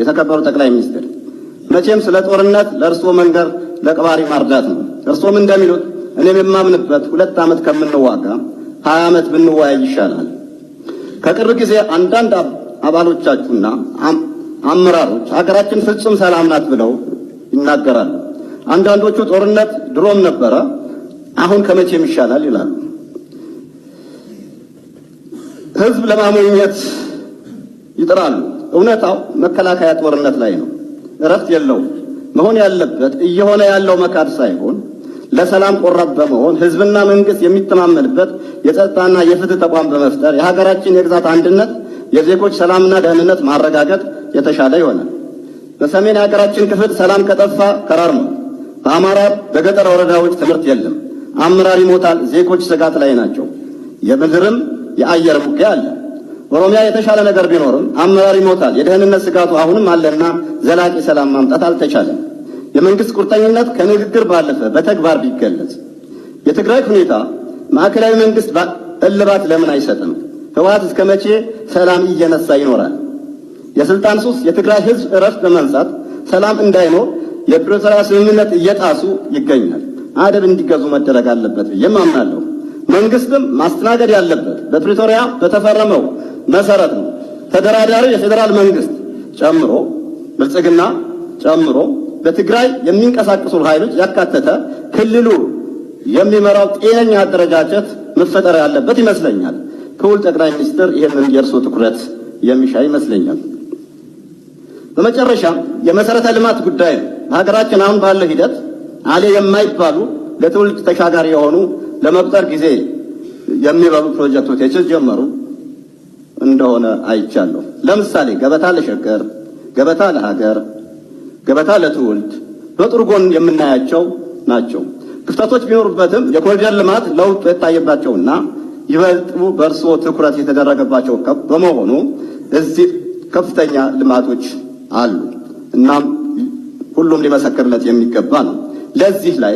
የተከበሩ ጠቅላይ ሚኒስትር፣ መቼም ስለ ጦርነት ለእርስዎ መንገር ለቅባሪ ማርዳት ነው። እርስዎም እንደሚሉት እኔም የማምንበት ሁለት ዓመት ከምንዋጋ ሀያ ዓመት ብንወያይ ይሻላል። ከቅርብ ጊዜ አንዳንድ አባሎቻችሁና አመራሮች ሀገራችን ፍጹም ሰላም ናት ብለው ይናገራሉ። አንዳንዶቹ ጦርነት ድሮም ነበረ፣ አሁን ከመቼም ይሻላል ይላሉ። ህዝብ ለማሞኘት ይጥራሉ። እውነታው መከላከያ ጦርነት ላይ ነው። እረፍት የለውም። መሆን ያለበት እየሆነ ያለው መካድ ሳይሆን ለሰላም ቆራጥ በመሆን ህዝብና መንግስት የሚተማመንበት የጸጥታና የፍትህ ተቋም በመፍጠር የሀገራችን የግዛት አንድነት፣ የዜጎች ሰላምና ደህንነት ማረጋገጥ የተሻለ ይሆናል። በሰሜን የሀገራችን ክፍል ሰላም ከጠፋ ከራር ነው። በአማራ በገጠር ወረዳዎች ትምህርት የለም፣ አመራር ይሞታል፣ ዜጎች ስጋት ላይ ናቸው። የምድርም የአየር ውጊያ አለ። ኦሮሚያ የተሻለ ነገር ቢኖርም አመራር ይሞታል። የደህንነት ስጋቱ አሁንም አለና ዘላቂ ሰላም ማምጣት አልተቻለም። የመንግስት ቁርጠኝነት ከንግግር ባለፈ በተግባር ቢገለጽ። የትግራይ ሁኔታ ማዕከላዊ መንግስት እልባት ለምን አይሰጥም? ህወሓት እስከ መቼ ሰላም እየነሳ ይኖራል? የስልጣን ሱስ የትግራይ ህዝብ እረፍት በመንሳት ሰላም እንዳይኖር የፕሪቶሪያ ስምምነት እየጣሱ ይገኛል። አደብ እንዲገዙ መደረግ አለበት ብዬም አምናለሁ። መንግስትም ማስተናገድ ያለበት በፕሪቶሪያ በተፈረመው መሰረት ነው። ተደራዳሪው የፌዴራል መንግስት ጨምሮ ብልጽግና ጨምሮ በትግራይ የሚንቀሳቀሱ ኃይሎች ያካተተ ክልሉ የሚመራው ጤነኛ አደረጃጀት መፈጠር ያለበት ይመስለኛል። ክቡል ጠቅላይ ሚኒስትር ይህንን የእርስዎ ትኩረት የሚሻ ይመስለኛል። በመጨረሻ የመሰረተ ልማት ጉዳይ በሀገራችን አሁን ባለው ሂደት አሌ የማይባሉ ለትውልድ ተሻጋሪ የሆኑ ለመቁጠር ጊዜ የሚበሉ ፕሮጀክቶች ጀመሩ እንደሆነ አይቻለሁ። ለምሳሌ ገበታ ለሸገር፣ ገበታ ለሀገር፣ ገበታ ለትውልድ በጥሩ ጎን የምናያቸው ናቸው። ክፍተቶች ቢኖሩበትም የኮሪደር ልማት ለውጥ የታየባቸውና ይበልጡ በእርስዎ ትኩረት የተደረገባቸው በመሆኑ እዚህ ከፍተኛ ልማቶች አሉ። እናም ሁሉም ሊመሰክርለት የሚገባ ነው። ለዚህ ላይ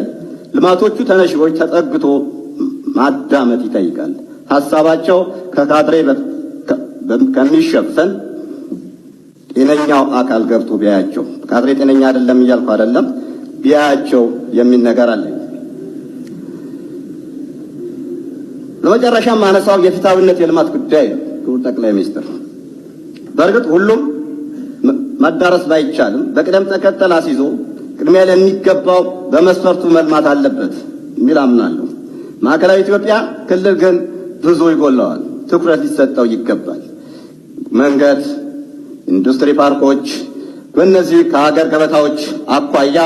ልማቶቹ ተነሺዎች ተጠግቶ ማዳመጥ ይጠይቃል። ሀሳባቸው ከካድሬ ከሚሸፈን ጤነኛው አካል ገብቶ ቢያያቸው ካድሬ ጤነኛ አይደለም እያልኩ አይደለም፣ ቢያያቸው የሚል ነገር አለ። ለመጨረሻም ማነሳው የፍትሐዊነት የልማት ጉዳይ ነው። ክቡር ጠቅላይ ሚኒስትር፣ በእርግጥ ሁሉም መዳረስ ባይቻልም በቅደም ተከተል አስይዞ ቅድሚያ ለሚገባው በመስፈርቱ መልማት አለበት የሚል አምናለሁ። ማዕከላዊ ኢትዮጵያ ክልል ግን ብዙ ይጎለዋል፣ ትኩረት ሊሰጠው ይገባል። መንገድ፣ ኢንዱስትሪ ፓርኮች በእነዚህ ከሀገር ገበታዎች አኳያ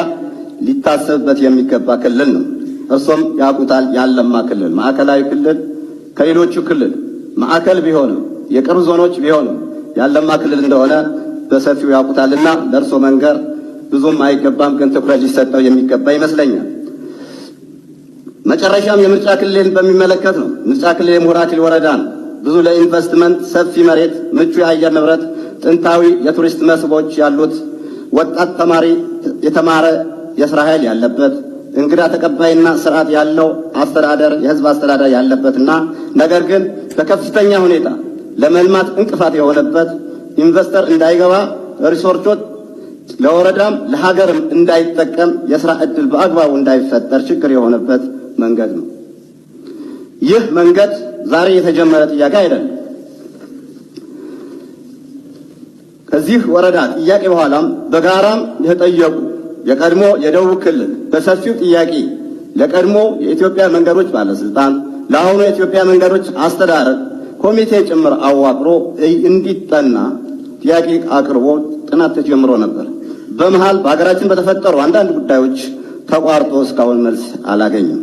ሊታሰብበት የሚገባ ክልል ነው። እርሶም ያውቁታል። ያለማ ክልል ማዕከላዊ ክልል ከሌሎቹ ክልል ማዕከል ቢሆንም የቅርብ ዞኖች ቢሆንም ያለማ ክልል እንደሆነ በሰፊው ያውቁታልና ለእርሶ መንገር ብዙም አይገባም፣ ግን ትኩረት ሊሰጠው የሚገባ ይመስለኛል። መጨረሻም የምርጫ ክልልን በሚመለከት ነው። ምርጫ ክልል የሙራኪል ወረዳ ነው። ብዙ ለኢንቨስትመንት ሰፊ መሬት፣ ምቹ የአየር ንብረት፣ ጥንታዊ የቱሪስት መስህቦች ያሉት፣ ወጣት ተማሪ የተማረ የስራ ኃይል ያለበት፣ እንግዳ ተቀባይና ስርዓት ያለው አስተዳደር የህዝብ አስተዳደር ያለበትና ነገር ግን በከፍተኛ ሁኔታ ለመልማት እንቅፋት የሆነበት ኢንቨስተር እንዳይገባ ሪሶርቾች ለወረዳም ለሀገርም እንዳይጠቀም የስራ ዕድል በአግባቡ እንዳይፈጠር ችግር የሆነበት መንገድ ነው። ይህ መንገድ ዛሬ የተጀመረ ጥያቄ አይደለም። ከዚህ ወረዳ ጥያቄ በኋላም በጋራም የተጠየቁ የቀድሞ የደቡብ ክልል በሰፊው ጥያቄ ለቀድሞ የኢትዮጵያ መንገዶች ባለስልጣን ለአሁኑ የኢትዮጵያ መንገዶች አስተዳደር ኮሚቴ ጭምር አዋቅሮ እንዲጠና ጥያቄ አቅርቦ ጥናት ተጀምሮ ነበር። በመሃል በሀገራችን በተፈጠሩ አንዳንድ ጉዳዮች ተቋርጦ እስካሁን መልስ አላገኘም።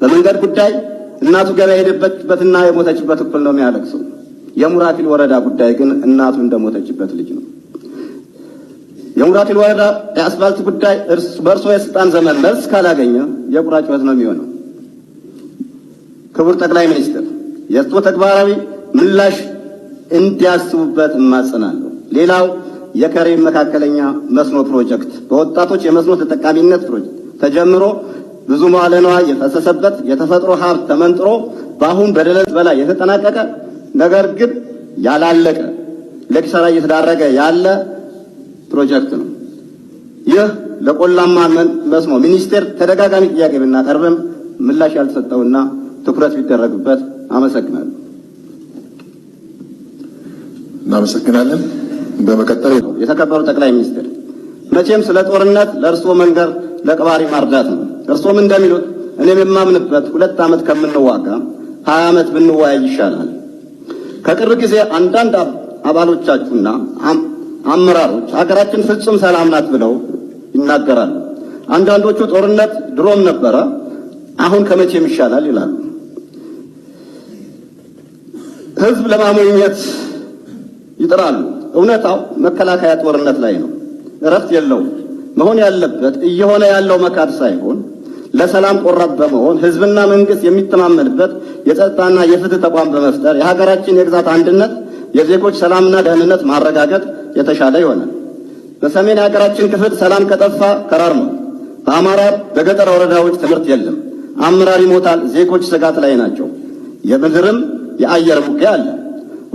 በመንገድ ጉዳይ እናቱ ገበያ የሄደበትና የሞተችበት እኩል ነው የሚያለቅሰው። የሙራቲል ወረዳ ጉዳይ ግን እናቱ እንደሞተችበት ልጅ ነው። የሙራቲል ወረዳ የአስፋልት ጉዳይ በእርሶ የስልጣን ዘመን መልስ ካላገኘ የቁራ ጩኸት ነው የሚሆነው። ክቡር ጠቅላይ ሚኒስትር የእርሶ ተግባራዊ ምላሽ እንዲያስቡበት እማጽናለሁ። ሌላው የከሬ መካከለኛ መስኖ ፕሮጀክት በወጣቶች የመስኖ ተጠቃሚነት ፕሮጀክት ተጀምሮ ብዙ መዋለ ንዋይ የፈሰሰበት የተፈጥሮ ሀብት ተመንጥሮ በአሁን በደለት በላይ የተጠናቀቀ ነገር ግን ያላለቀ ለኪሳራ እየተዳረገ ያለ ፕሮጀክት ነው። ይህ ለቆላማ መስኖ ሚኒስቴር ተደጋጋሚ ጥያቄ ብናቀርብም ምላሽ ያልተሰጠውና ትኩረት ቢደረግበት አመሰግናለሁ። እናመሰግናለን። በመቀጠል የተከበሩ ጠቅላይ ሚኒስትር፣ መቼም ስለ ጦርነት ለእርስዎ መንገር ለቀባሪ ማርዳት ነው። እርሶም እንደሚሉት እኔም የማምንበት ሁለት ዓመት ከምንዋጋ ሀያ ዓመት ብንወያይ ይሻላል። ከቅርብ ጊዜ አንዳንድ አባሎቻችሁና አመራሮች ሀገራችን ፍጹም ሰላም ናት ብለው ይናገራሉ። አንዳንዶቹ ጦርነት ድሮም ነበረ፣ አሁን ከመቼም ይሻላል ይላሉ። ህዝብ ለማሞኘት ይጥራሉ። እውነታው መከላከያ ጦርነት ላይ ነው፣ እረፍት የለውም። መሆን ያለበት እየሆነ ያለው መካድ ሳይሆን ለሰላም ቆራጥ በመሆን ህዝብና መንግስት የሚተማመንበት የጸጥታና የፍትህ ተቋም በመፍጠር የሀገራችን የግዛት አንድነት፣ የዜጎች ሰላምና ደህንነት ማረጋገጥ የተሻለ ይሆናል። በሰሜን የሀገራችን ክፍል ሰላም ከጠፋ ከራር ነው። በአማራ በገጠር ወረዳዎች ትምህርት የለም፣ አመራር ይሞታል፣ ዜጎች ስጋት ላይ ናቸው። የምድርም የአየር ውጊያ አለ።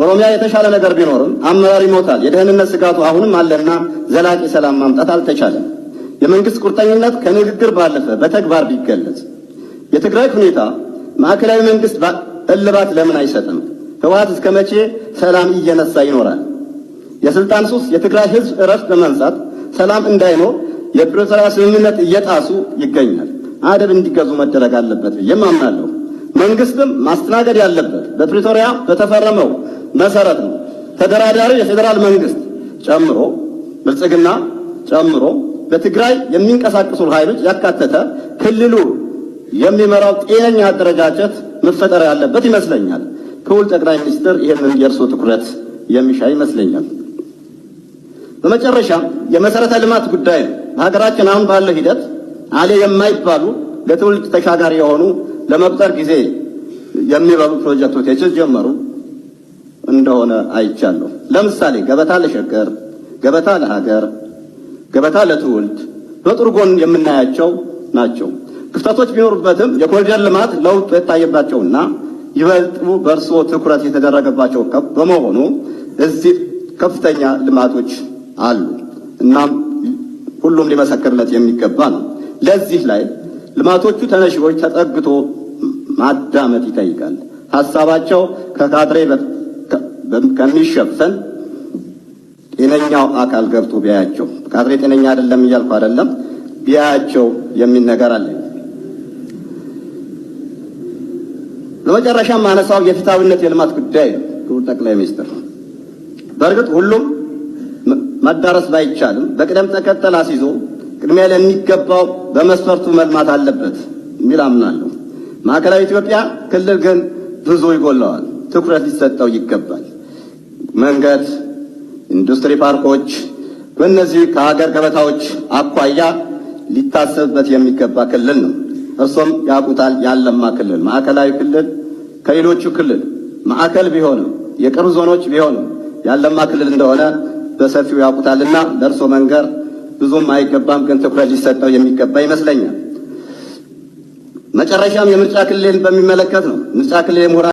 ኦሮሚያ የተሻለ ነገር ቢኖርም አመራር ይሞታል፣ የደህንነት ስጋቱ አሁንም አለና ዘላቂ ሰላም ማምጣት አልተቻለም። የመንግስት ቁርጠኝነት ከንግግር ባለፈ በተግባር ቢገለጽ። የትግራይ ሁኔታ ማዕከላዊ መንግስት እልባት ለምን አይሰጥም? ህወሓት እስከ መቼ ሰላም እየነሳ ይኖራል? የስልጣን ሱስ የትግራይ ህዝብ እረፍት በመንሳት ሰላም እንዳይኖር የፕሪቶሪያ ስምምነት እየጣሱ ይገኛል። አደብ እንዲገዙ መደረግ አለበት ብዬ አምናለሁ። መንግስትም ማስተናገድ ያለበት በፕሪቶሪያ በተፈረመው መሰረት ነው። ተደራዳሪ የፌዴራል መንግስት ጨምሮ ብልጽግና ጨምሮ በትግራይ የሚንቀሳቀሱ ኃይሎች ያካተተ ክልሉ የሚመራው ጤነኛ አደረጃጀት መፈጠር ያለበት ይመስለኛል። ክቡል ጠቅላይ ሚኒስትር ይህንን የእርሶ ትኩረት የሚሻ ይመስለኛል። በመጨረሻ የመሰረተ ልማት ጉዳይ በሀገራችን አሁን ባለው ሂደት አሌ የማይባሉ ለትውልድ ተሻጋሪ የሆኑ ለመቁጠር ጊዜ የሚበሉ ፕሮጀክቶች የተጀመሩ እንደሆነ አይቻለሁ። ለምሳሌ ገበታ ለሸገር፣ ገበታ ለሀገር ገበታ ለትውልድ በጥሩ ጎን የምናያቸው ናቸው። ክፍተቶች ቢኖሩበትም የኮሪደር ልማት ለውጥ የታየባቸውና ይበልጡ በእርስዎ ትኩረት የተደረገባቸው በመሆኑ እዚህ ከፍተኛ ልማቶች አሉ። እናም ሁሉም ሊመሰክርለት የሚገባ ነው። ለዚህ ላይ ልማቶቹ ተነሺዎች ተጠግቶ ማዳመጥ ይጠይቃል። ሀሳባቸው ከካድሬ ከሚሸፈን ሌላኛው አካል ገብቶ ቢያያቸው ካድሬ ጤነኛ አይደለም እያልኩ አይደለም፣ ቢያያቸው የሚል ነገር አለ። ለመጨረሻ ማነሳው የፍትሐዊነት የልማት ጉዳይ ነው። ክቡር ጠቅላይ ሚኒስትር፣ በእርግጥ ሁሉም መዳረስ ባይቻልም በቅደም ተከተል አስይዞ ቅድሚያ ለሚገባው በመስፈርቱ መልማት አለበት የሚል አምናለሁ። ማዕከላዊ ኢትዮጵያ ክልል ግን ብዙ ይጎለዋል፣ ትኩረት ሊሰጠው ይገባል። መንገድ ኢንዱስትሪ ፓርኮች በእነዚህ ከሀገር ገበታዎች አኳያ ሊታሰብበት የሚገባ ክልል ነው። እርሶም ያውቁታል። ያለማ ክልል ማዕከላዊ ክልል ከሌሎቹ ክልል ማዕከል ቢሆንም የቅርብ ዞኖች ቢሆንም ያለማ ክልል እንደሆነ በሰፊው ያውቁታልና ለእርሶ መንገር ብዙም አይገባም፣ ግን ትኩረት ሊሰጠው የሚገባ ይመስለኛል። መጨረሻም የምርጫ ክልልን በሚመለከት ነው። ምርጫ ክልል የምሁራ